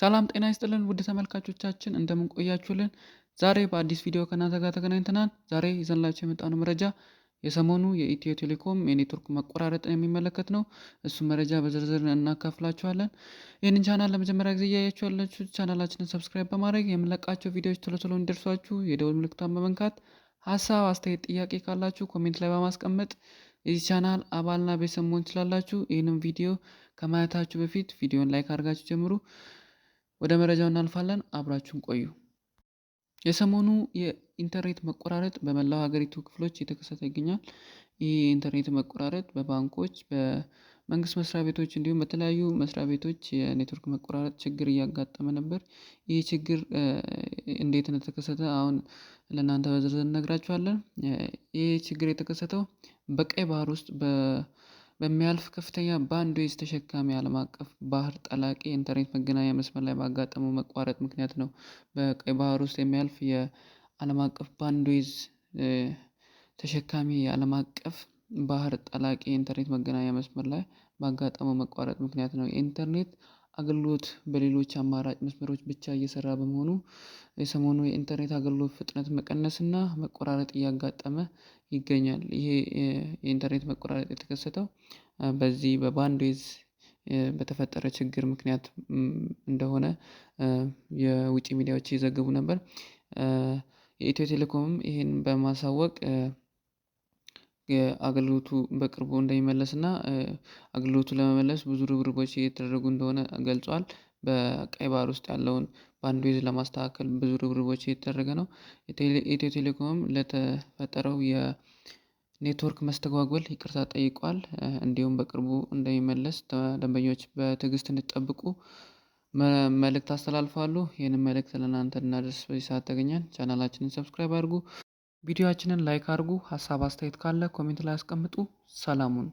ሰላም ጤና ይስጥልን ውድ ተመልካቾቻችን እንደምንቆያችሁልን። ዛሬ በአዲስ ቪዲዮ ከእናንተ ጋር ተገናኝተናል። ዛሬ ይዘንላቸው የመጣነው መረጃ የሰሞኑ የኢትዮ ቴሌኮም የኔትወርክ መቆራረጥን የሚመለከት ነው። እሱ መረጃ በዝርዝር እናካፍላችኋለን። ይህንን ቻናል ለመጀመሪያ ጊዜ እያያችሁ ያላችሁ ቻናላችንን ሰብስክራይብ በማድረግ የምንለቃቸው ቪዲዮዎች ቶሎ ቶሎ እንዲደርሷችሁ የደውል ምልክቷን በመንካት ሀሳብ፣ አስተያየት፣ ጥያቄ ካላችሁ ኮሜንት ላይ በማስቀመጥ የዚህ ቻናል አባልና ቤተሰብ መሆን ትችላላችሁ። ይህንም ቪዲዮ ከማየታችሁ በፊት ቪዲዮን ላይክ አድርጋችሁ ጀምሩ። ወደ መረጃው እናልፋለን። አብራችሁን ቆዩ። የሰሞኑ የኢንተርኔት መቆራረጥ በመላው ሀገሪቱ ክፍሎች የተከሰተ ይገኛል። ይህ የኢንተርኔት መቆራረጥ በባንኮች፣ በመንግስት መስሪያ ቤቶች እንዲሁም በተለያዩ መስሪያ ቤቶች የኔትወርክ መቆራረጥ ችግር እያጋጠመ ነበር። ይህ ችግር እንዴት እንደተከሰተ አሁን ለእናንተ በዝርዝር እነግራችኋለን። ይህ ችግር የተከሰተው በቀይ ባህር ውስጥ በ በሚያልፍ ከፍተኛ ባንድዊድዝ ተሸካሚ ዓለም አቀፍ ባህር ጠላቂ የኢንተርኔት መገናኛ መስመር ላይ ባጋጠመው መቋረጥ ምክንያት ነው። በቀይ ባህር ውስጥ የሚያልፍ የዓለም አቀፍ ባንድዊድዝ ተሸካሚ የዓለም አቀፍ ባህር ጠላቂ የኢንተርኔት መገናኛ መስመር ላይ ባጋጠመው መቋረጥ ምክንያት ነው። የኢንተርኔት አገልግሎት በሌሎች አማራጭ መስመሮች ብቻ እየሰራ በመሆኑ የሰሞኑ የኢንተርኔት አገልግሎት ፍጥነት መቀነስና መቆራረጥ እያጋጠመ ይገኛል። ይሄ የኢንተርኔት መቆራረጥ የተከሰተው በዚህ በባንድዊዝ በተፈጠረ ችግር ምክንያት እንደሆነ የውጪ ሚዲያዎች ይዘግቡ ነበር። የኢትዮ ቴሌኮምም ይህን በማሳወቅ አገልግሎቱ በቅርቡ እንደሚመለስና አገልግሎቱ ለመመለስ ብዙ ርብርቦች እየተደረጉ እንደሆነ ገልጿል። በቀይ ባህር ውስጥ ያለውን ባንድዊዝ ለማስተካከል ብዙ ርብርቦች እየተደረገ ነው። ኢትዮ ቴሌኮምም ለተፈጠረው የኔትወርክ መስተጓጎል ይቅርታ ጠይቋል። እንዲሁም በቅርቡ እንደሚመለስ ደንበኞች በትዕግስት እንዲጠብቁ መልእክት አስተላልፋሉ። ይህንን መልእክት ለእናንተ እናደርስ በዚህ ሰዓት ተገኘን። ቻናላችንን ሰብስክራይብ አድርጉ። ቪዲዮአችንን ላይክ አድርጉ። ሀሳብ አስተያየት ካለ ኮሜንት ላይ አስቀምጡ። ሰላሙን